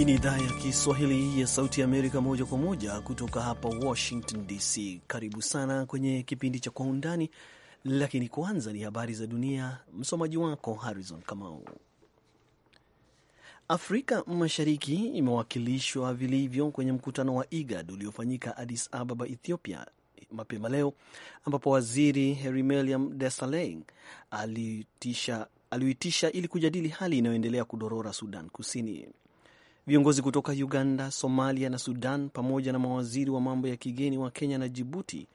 Hii ni idhaa ya Kiswahili ya Sauti ya Amerika, moja kwa moja kutoka hapa Washington DC. Karibu sana kwenye kipindi cha Kwa Undani, lakini kwanza ni habari za dunia. Msomaji wako Harrison Kamau. Afrika Mashariki imewakilishwa vilivyo kwenye mkutano wa IGAD uliofanyika Addis Ababa, Ethiopia mapema leo, ambapo waziri desaleng alitisha aliuitisha ili kujadili hali inayoendelea kudorora Sudan Kusini. Viongozi kutoka Uganda, Somalia na Sudan pamoja na mawaziri wa mambo ya kigeni wa Kenya na Jibuti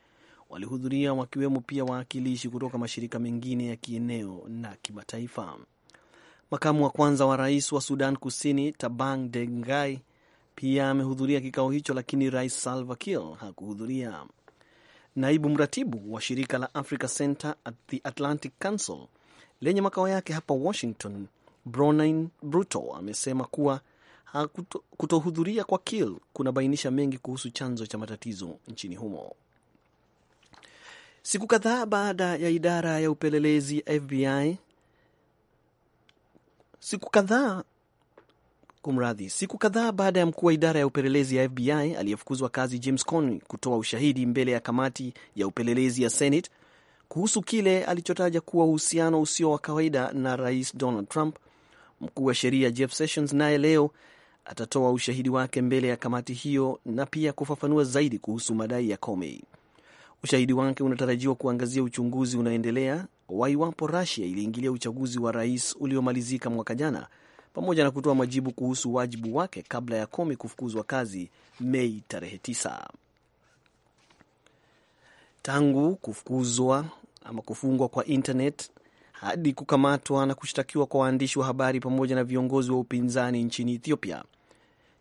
walihudhuria wakiwemo pia wawakilishi kutoka mashirika mengine ya kieneo na kimataifa. Makamu wa kwanza wa rais wa Sudan Kusini Tabang Dengai pia amehudhuria kikao hicho, lakini Rais Salva Kiir hakuhudhuria. Naibu mratibu wa shirika la Africa Center at the Atlantic Council lenye makao yake hapa Washington, bronin Bruto amesema kuwa Kutohudhuria kwa Kiel kunabainisha mengi kuhusu chanzo cha matatizo nchini humo. Siku kadhaa baada ya idara ya upelelezi FBI siku kadhaa kumradhi, siku kadhaa baada ya mkuu wa idara ya upelelezi ya FBI aliyefukuzwa kazi James Comey kutoa ushahidi mbele ya kamati ya upelelezi ya Senate kuhusu kile alichotaja kuwa uhusiano usio wa kawaida na Rais Donald Trump, mkuu wa sheria Jeff Sessions naye leo atatoa ushahidi wake mbele ya kamati hiyo na pia kufafanua zaidi kuhusu madai ya Comey. Ushahidi wake unatarajiwa kuangazia uchunguzi unaendelea wa iwapo Russia iliingilia uchaguzi wa rais uliomalizika mwaka jana, pamoja na kutoa majibu kuhusu wajibu wake kabla ya Comey kufukuzwa kazi Mei tarehe 9. Tangu kufukuzwa ama kufungwa kwa internet hadi kukamatwa na kushtakiwa kwa waandishi wa habari pamoja na viongozi wa upinzani nchini Ethiopia,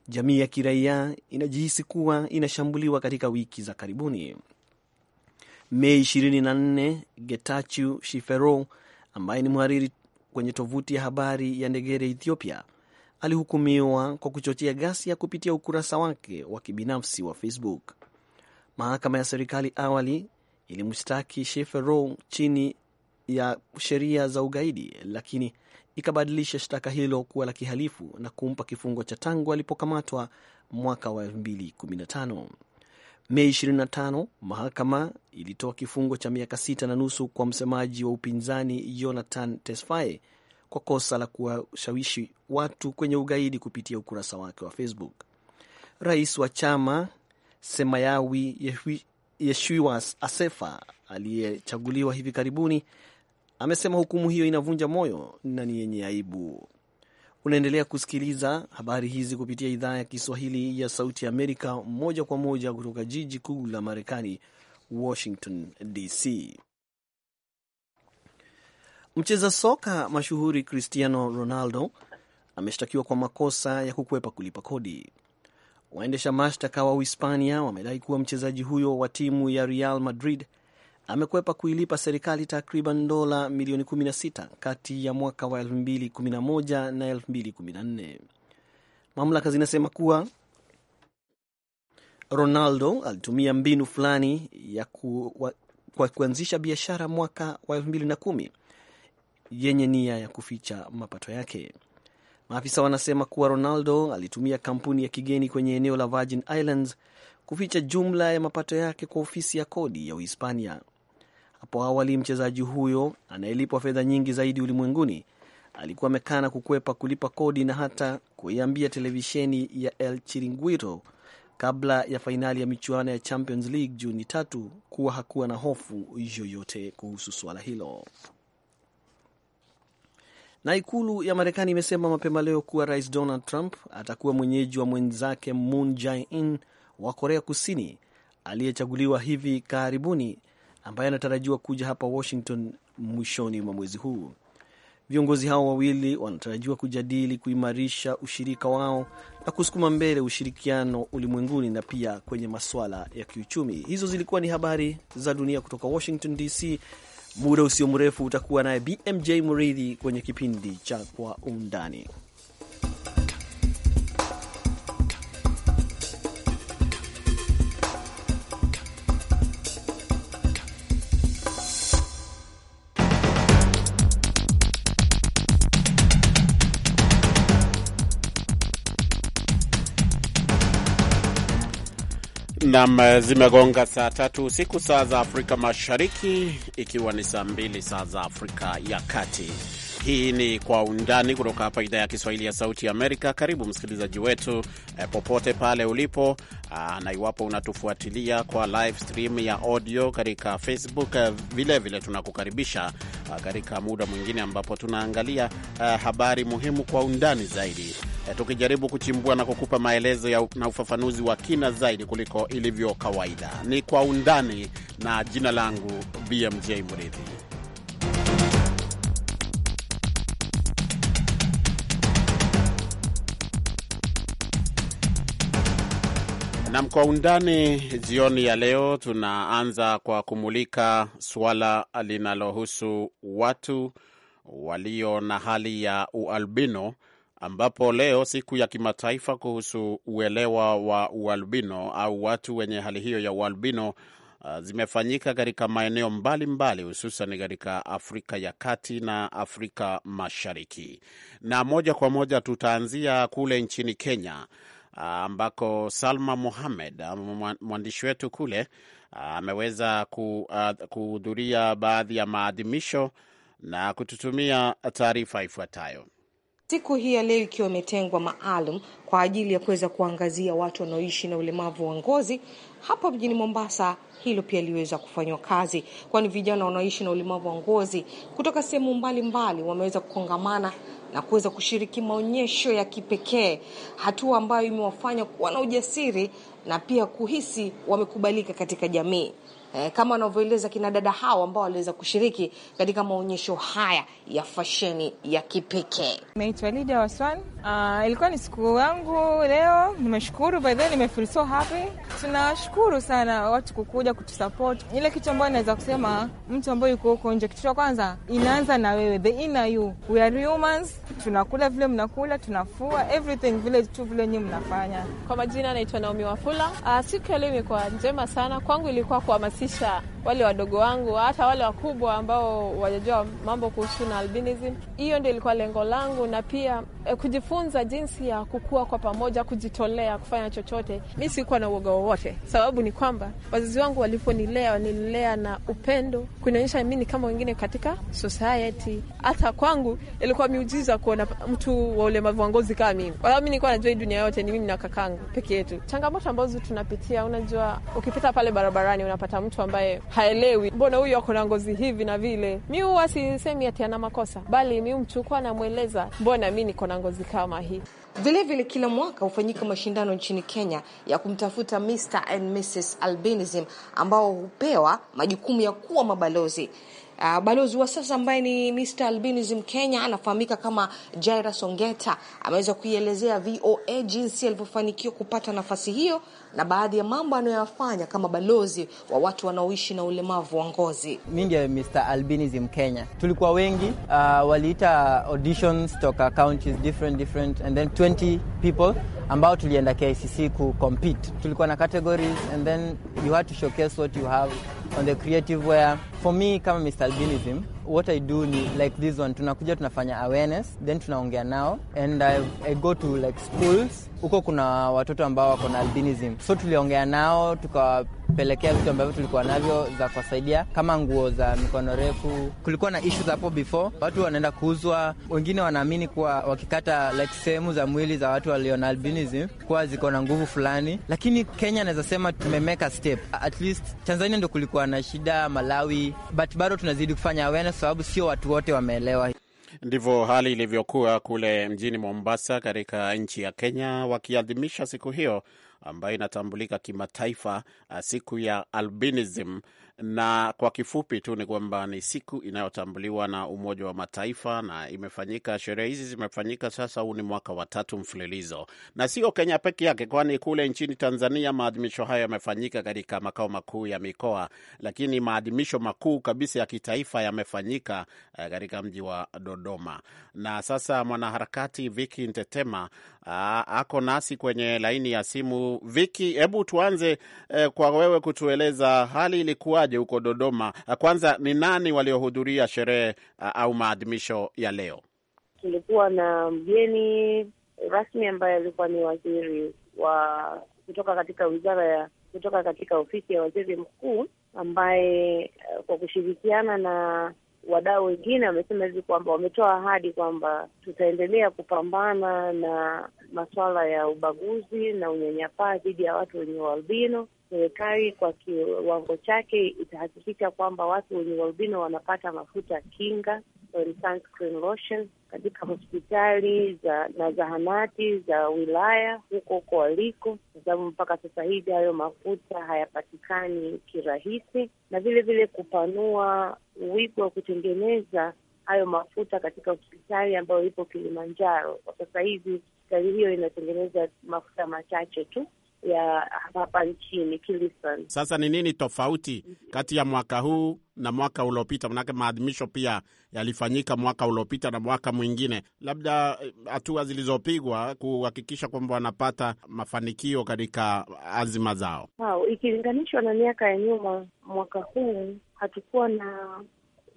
jamii ya kiraia inajihisi kuwa inashambuliwa katika wiki za karibuni. Mei 24 Getachew Shifero ambaye ni mhariri kwenye tovuti ya habari ya Ndegere Ethiopia alihukumiwa kwa kuchochea ghasia kupitia ukurasa wake wa kibinafsi wa Facebook. Mahakama ya serikali awali ilimshtaki Shefero chini ya sheria za ugaidi, lakini ikabadilisha shtaka hilo kuwa la kihalifu na kumpa kifungo cha tangu alipokamatwa mwaka wa 2015. Mei 25 mahakama ilitoa kifungo cha miaka sita na nusu kwa msemaji wa upinzani Jonathan Tesfaye kwa kosa la kuwashawishi watu kwenye ugaidi kupitia ukurasa wake wa Facebook. Rais wa chama Semayawi Yeshuas Asefa aliyechaguliwa hivi karibuni Amesema hukumu hiyo inavunja moyo na ni yenye aibu. Unaendelea kusikiliza habari hizi kupitia idhaa ya Kiswahili ya Sauti ya Amerika, moja kwa moja kutoka jiji kuu la Marekani, Washington DC. Mcheza soka mashuhuri Cristiano Ronaldo ameshtakiwa kwa makosa ya kukwepa kulipa kodi. Waendesha mashtaka wa Uhispania wamedai kuwa mchezaji huyo wa timu ya Real Madrid amekwepa kuilipa serikali takriban dola milioni 16 kati ya mwaka wa 2011 na 2014. Mamlaka zinasema kuwa Ronaldo alitumia mbinu fulani ya ku, wa, kwa kuanzisha biashara mwaka wa 2010 yenye nia ya kuficha mapato yake. Maafisa wanasema kuwa Ronaldo alitumia kampuni ya kigeni kwenye eneo la Virgin Islands kuficha jumla ya mapato yake kwa ofisi ya kodi ya Uhispania. Hapo awali mchezaji huyo anayelipwa fedha nyingi zaidi ulimwenguni alikuwa amekana kukwepa kulipa kodi na hata kuiambia televisheni ya El Chiringuito kabla ya fainali ya michuano ya Champions League Juni tatu kuwa hakuwa na hofu yoyote kuhusu suala hilo. Na ikulu ya Marekani imesema mapema leo kuwa Rais Donald Trump atakuwa mwenyeji wa mwenzake Moon Jae-in wa Korea Kusini aliyechaguliwa hivi karibuni ambaye anatarajiwa kuja hapa Washington mwishoni mwa mwezi huu. Viongozi hao wawili wanatarajiwa kujadili kuimarisha ushirika wao na kusukuma mbele ushirikiano ulimwenguni na pia kwenye masuala ya kiuchumi. Hizo zilikuwa ni habari za dunia kutoka Washington DC. Muda usio mrefu utakuwa naye BMJ Muridhi kwenye kipindi cha Kwa Undani. Nam zimegonga saa tatu usiku saa za Afrika Mashariki, ikiwa ni saa mbili saa za Afrika ya Kati. Hii ni Kwa Undani kutoka hapa idhaa ya Kiswahili ya Sauti ya Amerika. Karibu msikilizaji wetu eh, popote pale ulipo ah, na iwapo unatufuatilia kwa live stream ya audio katika Facebook eh, vilevile tunakukaribisha ah, katika muda mwingine ambapo tunaangalia ah, habari muhimu kwa undani zaidi eh, tukijaribu kuchimbua na kukupa maelezo ya, na ufafanuzi wa kina zaidi kuliko ilivyo kawaida. Ni Kwa Undani na jina langu BMJ mridhi Nam kwa undani jioni ya leo, tunaanza kwa kumulika suala linalohusu watu walio na hali ya ualbino, ambapo leo siku ya kimataifa kuhusu uelewa wa ualbino au watu wenye hali hiyo ya ualbino uh, zimefanyika katika maeneo mbalimbali hususan katika Afrika ya Kati na Afrika Mashariki. Na moja kwa moja tutaanzia kule nchini Kenya ambako Salma muhamed mwandishi wetu kule ameweza uh, kuhudhuria baadhi ya maadhimisho na kututumia taarifa ifuatayo siku hii ya leo ikiwa imetengwa maalum kwa ajili ya kuweza kuangazia watu wanaoishi na ulemavu wa ngozi hapa mjini Mombasa. Hilo pia liweza kufanywa kazi, kwani vijana wanaoishi na ulemavu wa ngozi kutoka sehemu mbalimbali wameweza kukongamana na kuweza kushiriki maonyesho ya kipekee, hatua ambayo imewafanya kuwa na ujasiri na pia kuhisi wamekubalika katika jamii eh, kama wanavyoeleza kina dada hao ambao waliweza kushiriki katika maonyesho haya ya fasheni ya kipekee. Naitwa Lidia Waswan. Uh, ilikuwa ni siku yangu leo, nimeshukuru by the way, nime feel so happy. Tunashukuru sana watu kukuja kutusupport. Ile kitu ambayo naweza kusema mtu ambaye yuko huko nje, kitu cha kwanza inaanza na wewe, the inner you. We are humans, tunakula vile mnakula, tunafua everything vile tu vile nyinyi mnafanya. Kwa majina naitwa Naomi Wafula. Uh, siku ya leo imekuwa njema sana kwangu, ilikuwa kuhamasisha se chá. É wale wadogo wangu, hata wale wakubwa ambao wajajua mambo kuhusu na albinism. Hiyo ndio ilikuwa lengo langu, na pia eh, kujifunza jinsi ya kukua kwa pamoja, kujitolea, kufanya chochote. Mi sikuwa na uoga wowote, sababu ni kwamba wazazi wangu waliponilea, wanilea na upendo, kunionyesha mi ni kama wengine katika society. Hata kwangu ilikuwa miujiza kuona mtu wa ulemavu wa ngozi kama mimi, kwa sababu mi nilikuwa najua hii dunia yote ni mimi na kakangu peke yetu. Changamoto ambazo tunapitia, unajua, ukipita pale barabarani unapata mtu ambaye haelewi, mbona huyu ako na ngozi hivi na vile. Mi huwa sisemi ati ana makosa, bali mi mchukua namweleza, mbona mi niko na ngozi kama hii. Vilevile kila mwaka hufanyika mashindano nchini Kenya ya kumtafuta Mr and Mrs Albinism ambao hupewa majukumu ya kuwa mabalozi. Uh, balozi wa sasa ambaye ni Mr. Albinism Kenya anafahamika kama Jaira Songeta ameweza kuielezea VOA jinsi alivyofanikiwa kupata nafasi hiyo na baadhi ya mambo anayoyafanya kama balozi wa watu wanaoishi na ulemavu wa ngozi. Mimi ndiye Mr. Albinism Kenya. Tulikuwa wengi uh, waliita auditions toka counties different different and then 20 people ambao tulienda KICC ku compete. Tulikuwa na categories and then you had to showcase what you have on the creative wear. for me kama Mr. Albinism what I do ni like this one, tunakuja tunafanya awareness then tunaongea nao and I, I go to like schools huko kuna watoto ambao wako na albinism so tuliongea nao tukawa kupelekea vitu ambavyo tulikuwa navyo za kuwasaidia kama nguo za mikono refu. Kulikuwa na ishu hapo before, watu wanaenda kuuzwa. Wengine wanaamini kuwa wakikata like sehemu za mwili za watu walio na albinism kuwa ziko na nguvu fulani, lakini Kenya anaweza sema tumemeka step at least. Tanzania ndo kulikuwa na shida, Malawi, but bado tunazidi kufanya awareness sababu sio watu wote wameelewa. Ndivyo hali ilivyokuwa kule mjini Mombasa katika nchi ya Kenya wakiadhimisha siku hiyo ambayo inatambulika kimataifa uh, siku ya albinism, na kwa kifupi tu ni kwamba ni siku inayotambuliwa na Umoja wa Mataifa, na imefanyika sherehe hizi zimefanyika sasa, huu ni mwaka wa tatu mfululizo, na sio Kenya peke yake, kwani kule nchini Tanzania maadhimisho hayo yamefanyika katika makao makuu ya mikoa, lakini maadhimisho makuu kabisa ya kitaifa yamefanyika uh, katika mji wa Dodoma. Na sasa mwanaharakati Viki Ntetema Ah, ako nasi kwenye laini ya simu. Viki, hebu tuanze eh, kwa wewe kutueleza hali ilikuwaje huko Dodoma. Ah, kwanza ni nani waliohudhuria sherehe ah, au maadhimisho ya leo? Tulikuwa na mgeni rasmi ambaye alikuwa ni waziri wa kutoka katika wizara ya kutoka katika ofisi ya waziri mkuu ambaye eh, kwa kushirikiana na wadau wengine wamesema hivi kwamba wametoa ahadi kwamba tutaendelea kupambana na masuala ya ubaguzi na unyanyapaa dhidi ya watu wenye ualbino. Serikali kwa kiwango chake itahakikisha kwamba watu wenye ualbino wanapata mafuta kinga, and sunscreen lotion katika hospitali za na zahanati za wilaya huko huko waliko, kwa sababu mpaka sasa hivi hayo mafuta hayapatikani kirahisi, na vile vile kupanua wigo wa kutengeneza hayo mafuta katika hospitali ambayo ipo Kilimanjaro. Kwa sasa hivi hospitali hiyo inatengeneza mafuta machache tu ya hapa nchini Kilisan. Sasa ni nini tofauti kati ya mwaka huu na mwaka uliopita? Manake maadhimisho pia yalifanyika mwaka uliopita na mwaka mwingine, labda eh, hatua zilizopigwa kuhakikisha kwamba wanapata mafanikio katika azima zao. Wow, ikilinganishwa na miaka ya nyuma, mwaka huu hatukuwa na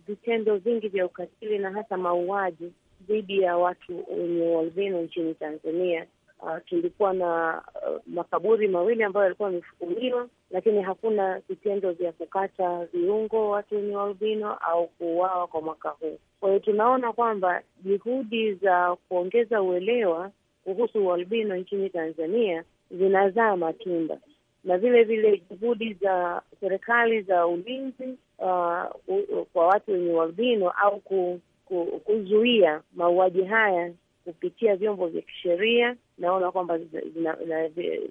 vitendo vingi vya ukatili na hasa mauaji dhidi ya watu wenye ualbino nchini Tanzania uh, tulikuwa na uh, makaburi mawili ambayo yalikuwa yamefukuliwa, lakini hakuna vitendo vya kukata viungo watu wenye albino au kuuawa kwa mwaka huu. Kwa hiyo tunaona kwamba juhudi za kuongeza uelewa kuhusu ualbino nchini Tanzania zinazaa matunda na vile vile juhudi za serikali za ulinzi uh, uh, kwa watu wenye ualbino au ku, ku, kuzuia mauaji haya kupitia vyombo vya kisheria naona kwamba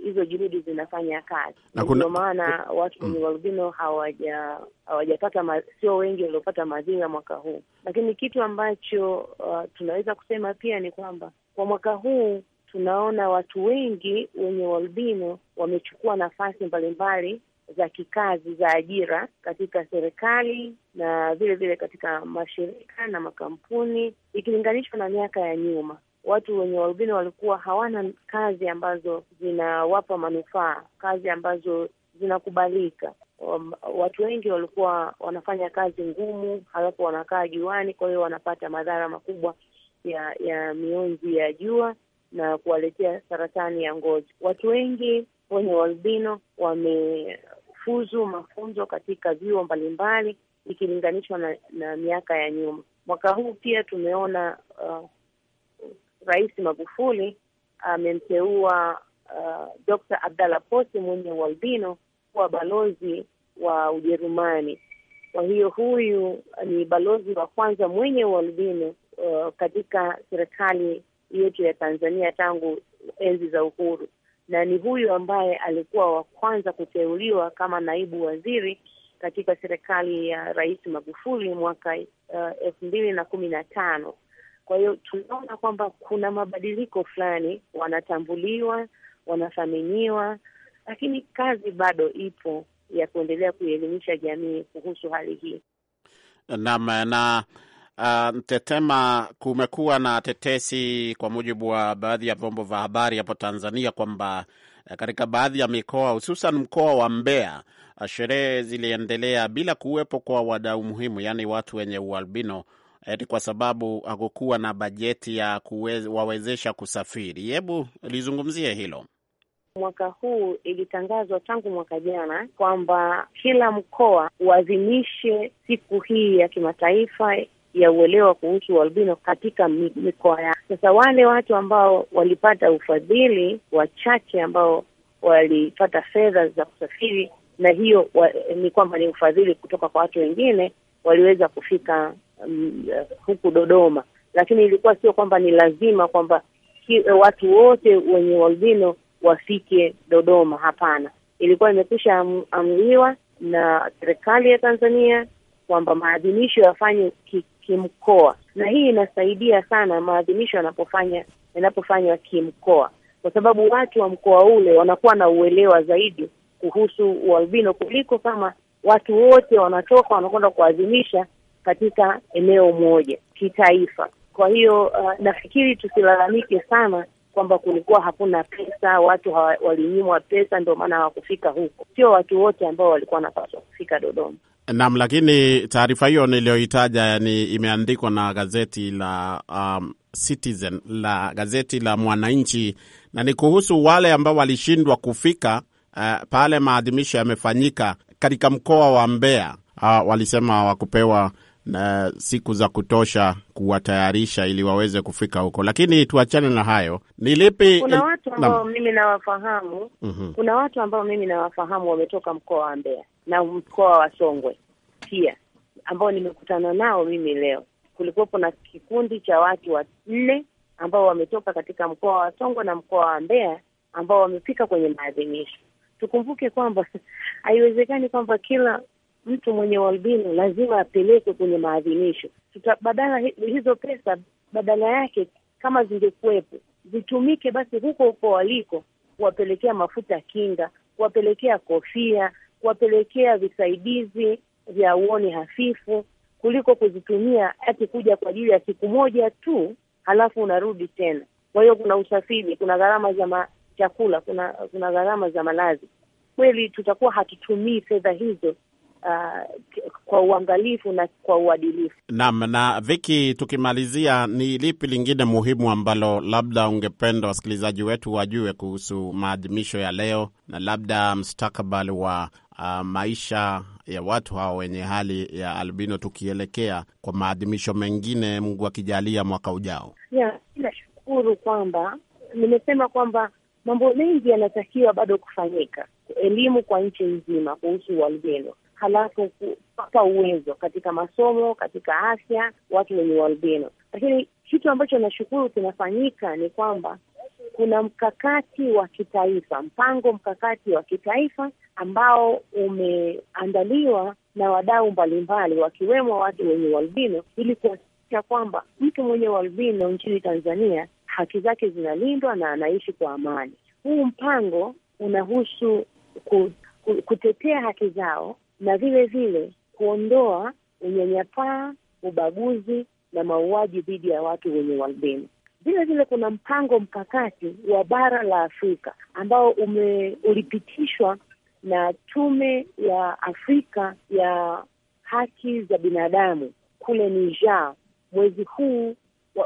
hizo juhudi zinafanya kazi, ndio maana watu wenye ualbino mm. hawaja hawajapata ma, sio wengi waliopata madhira mwaka huu. Lakini kitu ambacho uh, tunaweza kusema pia ni kwamba kwa mwaka huu tunaona watu wengi wenye ualbino wamechukua nafasi mbalimbali za kikazi za ajira katika serikali na vile vile katika mashirika na makampuni ikilinganishwa na miaka ya nyuma watu wenye ualbino walikuwa hawana kazi ambazo zinawapa manufaa, kazi ambazo zinakubalika. Um, watu wengi walikuwa wanafanya kazi ngumu, halafu wanakaa juani, kwa hiyo wanapata madhara makubwa ya ya mionzi ya jua na kuwaletea saratani ya ngozi. Watu wengi wenye ualbino wamefuzu mafunzo katika vyuo mbalimbali ikilinganishwa na, na miaka ya nyuma. Mwaka huu pia tumeona uh, Rais Magufuli amemteua uh, Dr. Abdalla Posi mwenye ualbino kuwa balozi wa Ujerumani. Kwa hiyo huyu ni balozi wa kwanza mwenye ualbino uh, katika serikali yetu ya Tanzania tangu enzi za uhuru, na ni huyu ambaye alikuwa wa kwanza kuteuliwa kama naibu waziri katika serikali ya Rais Magufuli mwaka uh, elfu mbili na kumi na tano. Kwa hiyo tunaona kwamba kuna mabadiliko fulani, wanatambuliwa, wanathaminiwa, lakini kazi bado ipo ya kuendelea kuielimisha jamii kuhusu hali hii. Naam, na uh, Tetema, kumekuwa na tetesi kwa mujibu wa baadhi ya vyombo vya habari hapo Tanzania kwamba uh, katika baadhi ya mikoa hususan mkoa wa Mbeya uh, sherehe ziliendelea bila kuwepo kwa wadau muhimu, yaani watu wenye ualbino eti kwa sababu hakukuwa na bajeti ya kuwawezesha kusafiri. Hebu lizungumzie hilo. Mwaka huu ilitangazwa tangu mwaka jana kwamba kila mkoa uadhimishe siku hii ya kimataifa ya uelewa kuhusu albino katika mikoa yao. Sasa wale watu ambao walipata ufadhili wachache, ambao walipata fedha za kusafiri, na hiyo wa, ni kwamba ni ufadhili kutoka kwa watu wengine, waliweza kufika um, huku Dodoma, lakini ilikuwa sio kwamba ni lazima kwamba watu wote wenye ualbino wafike Dodoma. Hapana, ilikuwa imekwisha am, amriwa na serikali ya Tanzania kwamba maadhimisho yafanywe kimkoa ki, na hii inasaidia sana maadhimisho yanapofanya yanapofanywa kimkoa, kwa sababu watu wa mkoa ule wanakuwa na uelewa zaidi kuhusu ualbino kuliko kama watu wote wanatoka wanakwenda kuadhimisha katika eneo moja kitaifa. Kwa hiyo uh, nafikiri tusilalamike sana kwamba kulikuwa hakuna pesa, watu walinyimwa pesa, ndio maana hawakufika huko. Sio watu wote ambao walikuwa wanapaswa kufika Dodoma. Naam, lakini taarifa hiyo niliyoitaja, yani, imeandikwa na gazeti la um, Citizen, la gazeti la Mwananchi, na ni kuhusu wale ambao walishindwa kufika uh, pale maadhimisho yamefanyika katika mkoa wa Mbeya. Uh, walisema wakupewa na siku za kutosha kuwatayarisha ili waweze kufika huko, lakini tuachane na hayo. Ni lipi? Kuna watu ambao na... mimi nawafahamu mm -hmm. Kuna watu ambao mimi nawafahamu wametoka mkoa wa Mbeya na mkoa wa Songwe pia ambao nimekutana nao mimi leo. Kulikuwepo na kikundi cha watu wanne ambao wametoka katika mkoa wa Songwe na mkoa wa Mbeya ambao wamefika kwenye maadhimisho. Tukumbuke kwamba haiwezekani kwamba kila mtu mwenye ualbino lazima apelekwe kwenye maadhimisho. Badala hizo pesa, badala yake kama zingekuwepo zitumike basi huko huko waliko, kuwapelekea mafuta kinga, kuwapelekea kofia, kuwapelekea visaidizi vya uoni hafifu, kuliko kuzitumia ati kuja kwa ajili ya siku moja tu halafu unarudi tena. Kwa hiyo kuna usafiri, kuna gharama za chakula, kuna kuna gharama za malazi. Kweli tutakuwa hatutumii fedha hizo kwa uangalifu na kwa uadilifu. Naam. Na Viki, tukimalizia, ni lipi lingine muhimu ambalo labda ungependa wasikilizaji wetu wajue kuhusu maadhimisho ya leo na labda mustakabali wa uh, maisha ya watu hao wenye hali ya albino, tukielekea kwa maadhimisho mengine, Mungu akijalia, mwaka ujao? Yeah, nashukuru kwamba nimesema kwamba mambo mengi yanatakiwa bado kufanyika, elimu kwa nchi nzima kuhusu ualbino, halafu kupata uwezo katika masomo, katika afya, watu wenye ualbino. Lakini kitu ambacho nashukuru kinafanyika ni kwamba kuna mkakati wa kitaifa, mpango mkakati wa kitaifa ambao umeandaliwa na wadau mbalimbali, wakiwemo watu wenye ualbino, ili kuhakikisha kwamba mtu mwenye ualbino nchini Tanzania haki zake zinalindwa na anaishi kwa amani. Huu mpango unahusu ku, ku, kutetea haki zao na vile vile kuondoa unyanyapaa, ubaguzi na mauaji dhidi ya watu wenye ualbino. Vile vile kuna mpango mkakati wa bara la Afrika ambao ume, ulipitishwa na Tume ya Afrika ya Haki za Binadamu kule Niger mwezi huu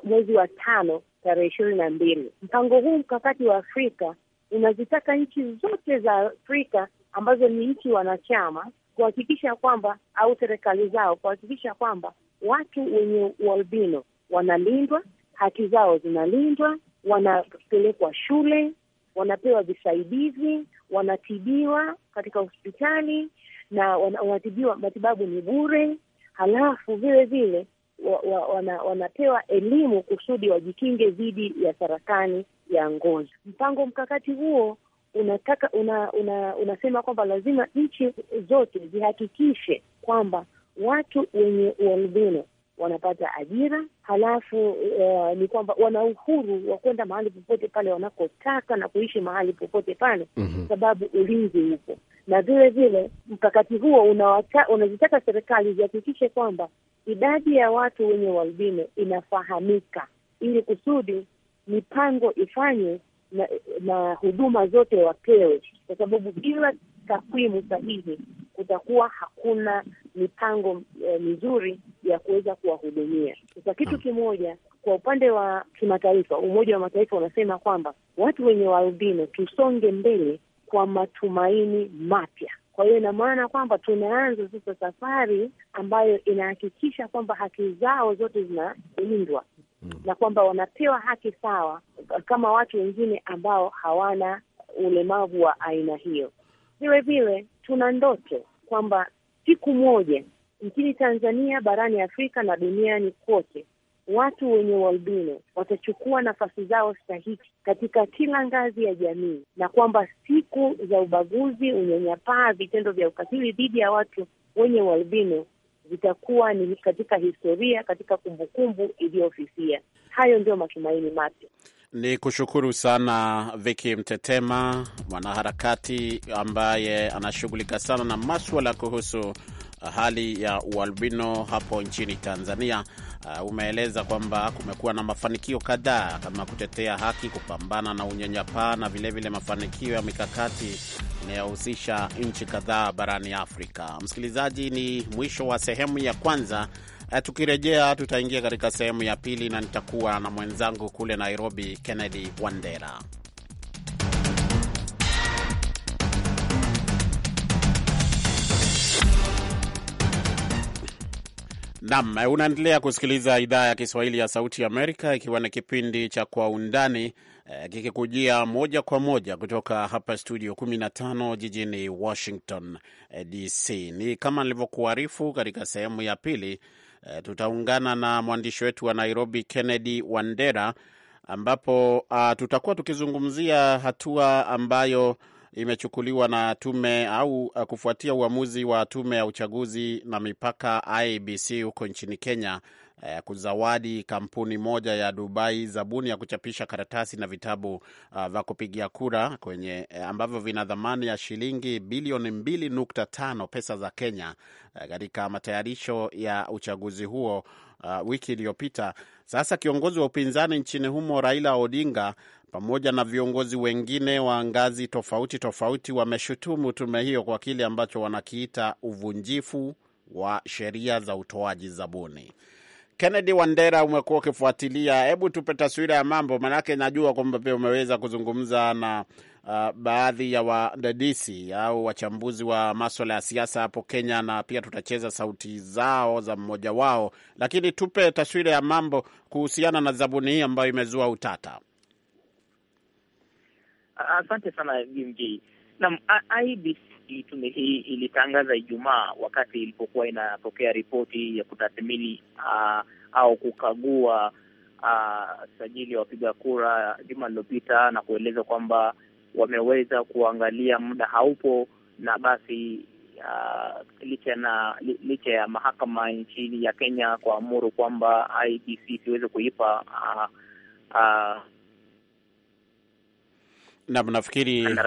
mwezi wa tano tarehe ishirini na mbili. Mpango huu mkakati wa Afrika unazitaka nchi zote za Afrika ambazo ni nchi wanachama kuhakikisha kwamba au serikali zao kuhakikisha kwamba watu wenye ualbino wanalindwa, haki zao zinalindwa, wanapelekwa shule, wanapewa visaidizi, wanatibiwa katika hospitali na wanatibiwa, matibabu ni bure. Halafu vile vile wa, wana, wanapewa elimu kusudi wajikinge dhidi ya saratani ya ngozi. Mpango mkakati huo unataka una, una, unasema kwamba lazima nchi zote zihakikishe kwamba watu wenye ualbino wanapata ajira, halafu uh, ni kwamba wana uhuru wa kwenda mahali popote pale wanakotaka na kuishi mahali popote pale mm -hmm. Sababu ulinzi upo, na vile vile mkakati huo unazitaka serikali zihakikishe kwamba idadi ya watu wenye ualbino inafahamika, ili kusudi mipango ifanywe na, na huduma zote wapewe, kwa sababu bila takwimu sahihi kutakuwa hakuna mipango e, mizuri ya kuweza kuwahudumia. Sasa kitu hmm. kimoja kwa upande wa kimataifa, Umoja wa Mataifa unasema kwamba watu wenye waalbino tusonge mbele kwa matumaini mapya. Kwa hiyo ina maana kwamba tunaanza sasa safari ambayo inahakikisha kwamba haki zao zote zinalindwa mm. na kwamba wanapewa haki sawa kama watu wengine ambao hawana ulemavu wa aina hiyo. Vile vile tuna ndoto kwamba siku moja nchini Tanzania, barani Afrika na duniani kote watu wenye ualbino watachukua nafasi zao stahiki katika kila ngazi ya jamii, na kwamba siku za ubaguzi, unyanyapaa, vitendo vya ukatili dhidi ya watu wenye ualbino zitakuwa ni katika historia, katika kumbukumbu iliyofifia. Hayo ndio matumaini mapya. Ni kushukuru sana Viki Mtetema, mwanaharakati ambaye anashughulika sana na maswala kuhusu hali ya ualbino hapo nchini Tanzania uh, umeeleza kwamba kumekuwa na mafanikio kadhaa kama kutetea haki, kupambana na unyanyapaa na vilevile vile mafanikio ya mikakati inayohusisha nchi kadhaa barani Afrika. Msikilizaji, ni mwisho wa sehemu ya kwanza. Uh, tukirejea tutaingia katika sehemu ya pili, na nitakuwa na mwenzangu kule Nairobi, Kennedy Wandera. Naam, unaendelea kusikiliza idhaa ya Kiswahili ya Sauti ya Amerika, ikiwa ni kipindi cha Kwa Undani eh, kikikujia moja kwa moja kutoka hapa studio 15 jijini Washington eh, DC. Ni kama nilivyokuarifu katika sehemu ya pili, eh, tutaungana na mwandishi wetu wa Nairobi, Kennedy Wandera, ambapo uh, tutakuwa tukizungumzia hatua ambayo imechukuliwa na tume au uh, kufuatia uamuzi wa tume ya uchaguzi na mipaka IBC huko nchini Kenya uh, kuzawadi kampuni moja ya Dubai zabuni ya kuchapisha karatasi na vitabu uh, vya kupigia kura kwenye uh, ambavyo vina thamani ya shilingi bilioni 2.5 pesa za Kenya katika matayarisho ya uchaguzi huo uh, wiki iliyopita. Sasa kiongozi wa upinzani nchini humo Raila Odinga pamoja na viongozi wengine wa ngazi tofauti tofauti wameshutumu tume hiyo kwa kile ambacho wanakiita uvunjifu wa sheria za utoaji zabuni. Kennedy Wandera, umekuwa ukifuatilia, hebu tupe taswira ya mambo, manake najua kwamba pia umeweza kuzungumza na uh, baadhi ya wadadisi au wachambuzi wa maswala ya siasa hapo Kenya, na pia tutacheza sauti zao za mmoja wao, lakini tupe taswira ya mambo kuhusiana na zabuni hii ambayo imezua utata. Asante sana BMJ. IBC hii tume hii ilitangaza Ijumaa wakati ilipokuwa inapokea ripoti ya kutathmini uh, au kukagua uh, sajili ya wapiga kura juma lilopita na kueleza kwamba wameweza kuangalia muda haupo, na basi uh, licha na licha ya mahakama nchini ya Kenya kuamuru kwamba ibc siweze kuipa uh, uh, na mnafikiri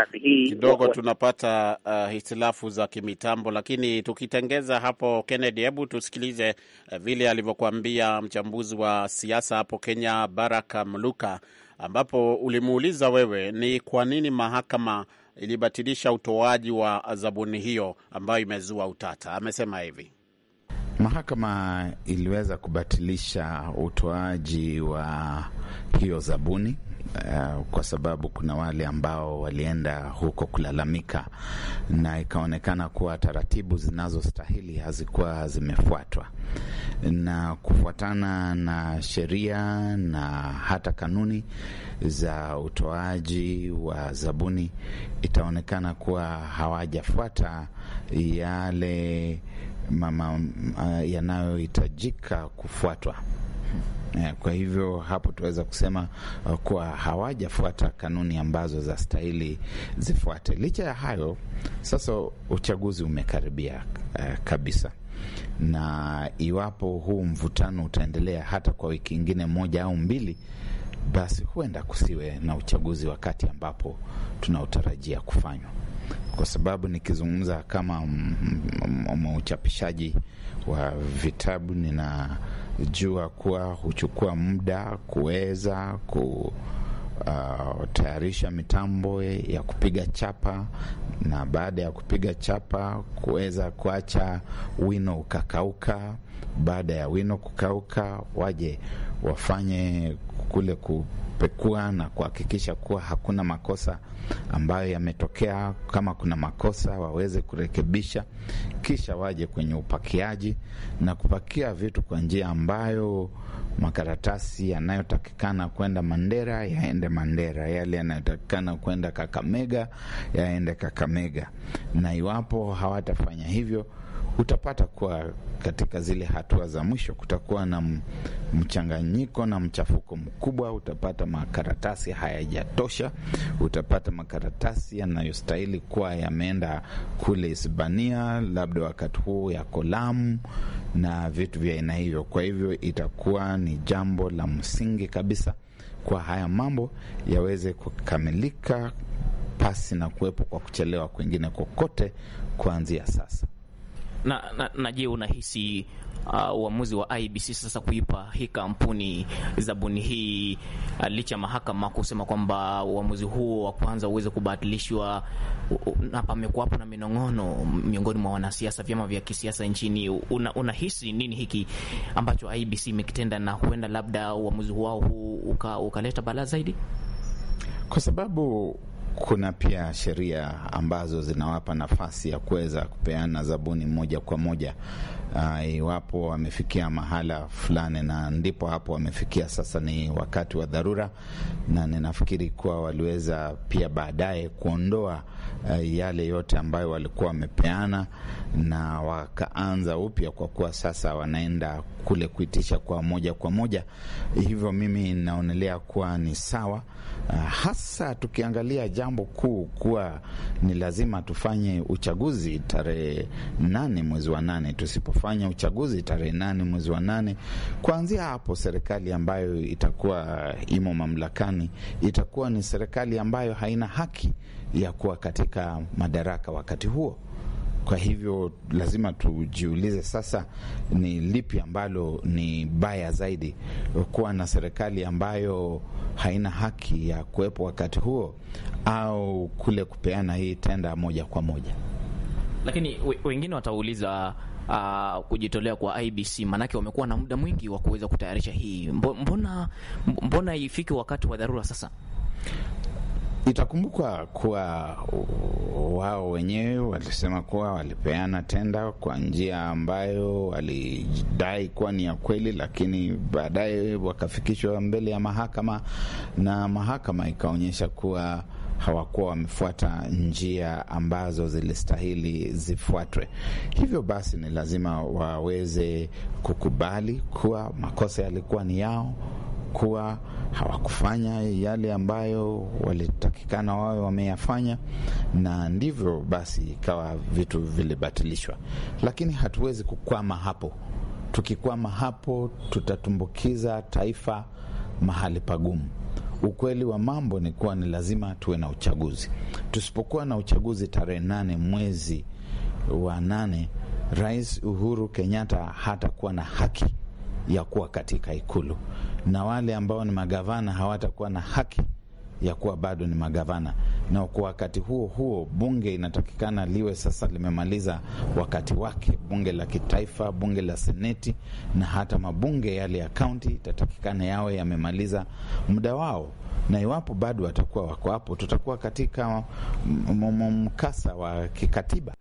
kidogo tunapata uh, hitilafu za kimitambo, lakini tukitengeza hapo. Kennedy, hebu tusikilize uh, vile alivyokuambia mchambuzi wa siasa hapo Kenya Baraka Mluka, ambapo ulimuuliza wewe ni kwa nini mahakama ilibatilisha utoaji wa zabuni hiyo ambayo imezua utata. Amesema hivi: mahakama iliweza kubatilisha utoaji wa hiyo zabuni uh, kwa sababu kuna wale ambao walienda huko kulalamika na ikaonekana kuwa taratibu zinazostahili hazikuwa zimefuatwa, na kufuatana na sheria na hata kanuni za utoaji wa zabuni itaonekana kuwa hawajafuata yale mama eh, yanayohitajika kufuatwa. Eh, kwa hivyo hapo tuweza kusema uh, kuwa hawajafuata kanuni ambazo za stahili zifuate. Licha ya hayo, sasa uchaguzi umekaribia uh, kabisa na iwapo huu mvutano utaendelea hata kwa wiki ingine moja au mbili, basi huenda kusiwe na uchaguzi wakati ambapo tunautarajia kufanywa, kwa sababu nikizungumza kama mchapishaji wa vitabu nina jua kuwa huchukua muda kuweza ku Uh, tayarisha mitambo ya kupiga chapa na baada ya kupiga chapa kuweza kuacha wino ukakauka. Baada ya wino kukauka, waje wafanye kule kupekua na kuhakikisha kuwa hakuna makosa ambayo yametokea. Kama kuna makosa waweze kurekebisha, kisha waje kwenye upakiaji na kupakia vitu kwa njia ambayo makaratasi yanayotakikana kwenda Mandera yaende Mandera, yale yanayotakikana kwenda Kakamega yaende Kakamega. Na iwapo hawatafanya hivyo utapata kuwa katika zile hatua za mwisho kutakuwa na mchanganyiko na mchafuko mkubwa. Utapata makaratasi hayajatosha, utapata makaratasi yanayostahili kuwa yameenda kule Hispania, labda wakati huu yako Lamu na vitu vya aina hivyo. Kwa hivyo itakuwa ni jambo la msingi kabisa kwa haya mambo yaweze kukamilika pasi na kuwepo kwa kuchelewa kwingine kokote kuanzia sasa na, na, na je, unahisi uh, uamuzi wa IBC sasa kuipa hii kampuni zabuni hii uh, licha mahakama kusema kwamba uamuzi huo wa kwanza uweze kubatilishwa, na pamekuwapo na minong'ono miongoni mwa wanasiasa, vyama vya kisiasa nchini. Una, unahisi nini hiki ambacho IBC imekitenda, na huenda labda uamuzi wao huu ukaleta uka balaa zaidi, kwa sababu kuna pia sheria ambazo zinawapa nafasi ya kuweza kupeana zabuni moja kwa moja ah, iwapo wamefikia mahala fulani, na ndipo hapo wamefikia sasa ni wakati wa dharura, na ninafikiri kuwa waliweza pia baadaye kuondoa uh, yale yote ambayo walikuwa wamepeana na wakaanza upya, kwa kuwa sasa wanaenda kule kuitisha kwa moja kwa moja. Hivyo mimi naonelea kuwa ni sawa, uh, hasa tukiangalia jambo kuu kuwa ni lazima tufanye uchaguzi tarehe nane mwezi wa nane. Tusipofanya uchaguzi tarehe nane mwezi wa nane, kuanzia hapo serikali ambayo itakuwa imo mamlakani itakuwa ni serikali ambayo haina haki ya kuwa katika madaraka wakati huo. Kwa hivyo lazima tujiulize sasa, ni lipi ambalo ni baya zaidi, kuwa na serikali ambayo haina haki ya kuwepo wakati huo, au kule kupeana hii tenda moja kwa moja? Lakini wengine watauliza Uh, kujitolea kwa IBC maanake wamekuwa na muda mwingi wa kuweza kutayarisha hii. Mbona mbona ifike wakati wa dharura sasa? Itakumbuka kuwa wao wenyewe walisema kuwa walipeana tenda kwa njia ambayo walidai kuwa ni ya kweli, lakini baadaye wakafikishwa mbele ya mahakama na mahakama ikaonyesha kuwa hawakuwa wamefuata njia ambazo zilistahili zifuatwe. Hivyo basi, ni lazima waweze kukubali kuwa makosa yalikuwa ni yao, kuwa hawakufanya yale ambayo walitakikana wawe wameyafanya, na ndivyo basi ikawa vitu vilibatilishwa. Lakini hatuwezi kukwama hapo. Tukikwama hapo, tutatumbukiza taifa mahali pagumu. Ukweli wa mambo ni kuwa ni lazima tuwe na uchaguzi. Tusipokuwa na uchaguzi tarehe nane mwezi wa nane, Rais Uhuru Kenyatta hatakuwa na haki ya kuwa katika Ikulu, na wale ambao ni magavana hawatakuwa na haki ya kuwa bado ni magavana. Na kwa wakati huo huo, bunge inatakikana liwe sasa limemaliza wakati wake, bunge la kitaifa, bunge la seneti, na hata mabunge yale ya kaunti itatakikana yawe yamemaliza muda wao, na iwapo bado watakuwa wako hapo, tutakuwa katika mkasa wa kikatiba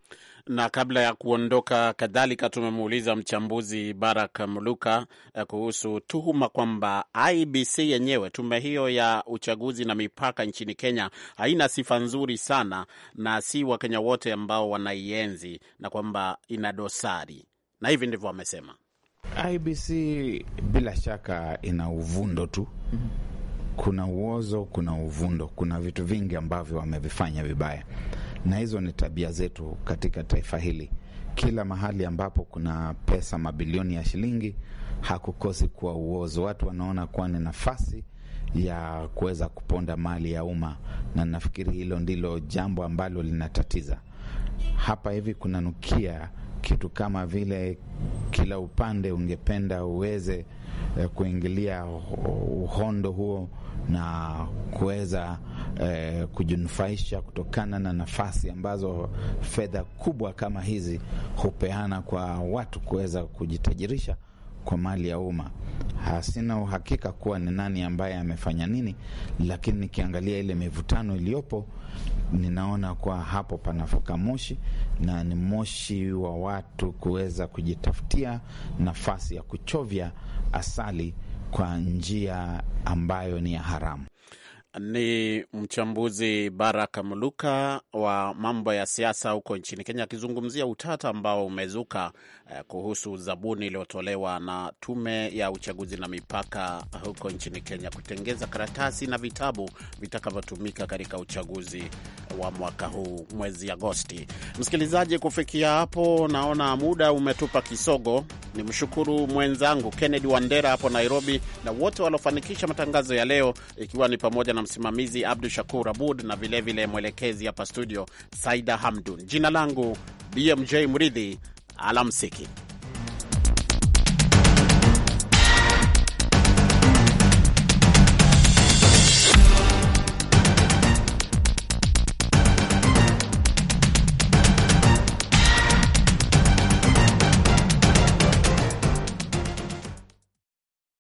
na kabla ya kuondoka, kadhalika tumemuuliza mchambuzi Barak mluka eh, kuhusu tuhuma kwamba IBC yenyewe, tume hiyo ya uchaguzi na mipaka nchini Kenya, haina sifa nzuri sana na si Wakenya wote ambao wanaienzi na kwamba ina dosari, na hivi ndivyo amesema. IBC bila shaka ina uvundo tu. Mm-hmm. Kuna uozo, kuna uvundo, kuna vitu vingi ambavyo wamevifanya vibaya na hizo ni tabia zetu katika taifa hili. Kila mahali ambapo kuna pesa mabilioni ya shilingi hakukosi kuwa uozo. Watu wanaona kuwa ni nafasi ya kuweza kuponda mali ya umma, na nafikiri hilo ndilo jambo ambalo linatatiza hapa. Hivi kunanukia kitu kama vile kila upande ungependa uweze eh, kuingilia uhondo huo na kuweza eh, kujinufaisha kutokana na nafasi ambazo fedha kubwa kama hizi hupeana kwa watu kuweza kujitajirisha kwa mali ya umma. hasina ah, uhakika kuwa ni nani ambaye amefanya nini, lakini nikiangalia ile mivutano iliyopo, ninaona kwa hapo panafuka moshi na ni moshi wa watu kuweza kujitafutia nafasi ya kuchovya asali kwa njia ambayo ni ya haramu. Ni mchambuzi Baraka mluka wa mambo ya siasa huko nchini Kenya, akizungumzia utata ambao umezuka eh, kuhusu zabuni iliyotolewa na tume ya uchaguzi na mipaka huko nchini Kenya kutengeza karatasi na vitabu vitakavyotumika katika uchaguzi wa mwaka huu mwezi Agosti. Msikilizaji, kufikia hapo naona muda umetupa kisogo. Ni mshukuru mwenzangu Kennedy Wandera hapo Nairobi na wote waliofanikisha matangazo ya leo, ikiwa ni pamoja na na msimamizi Abdu Shakur Abud na vilevile mwelekezi hapa studio Saida Hamdun. Jina langu BMJ Mridhi, alamsiki.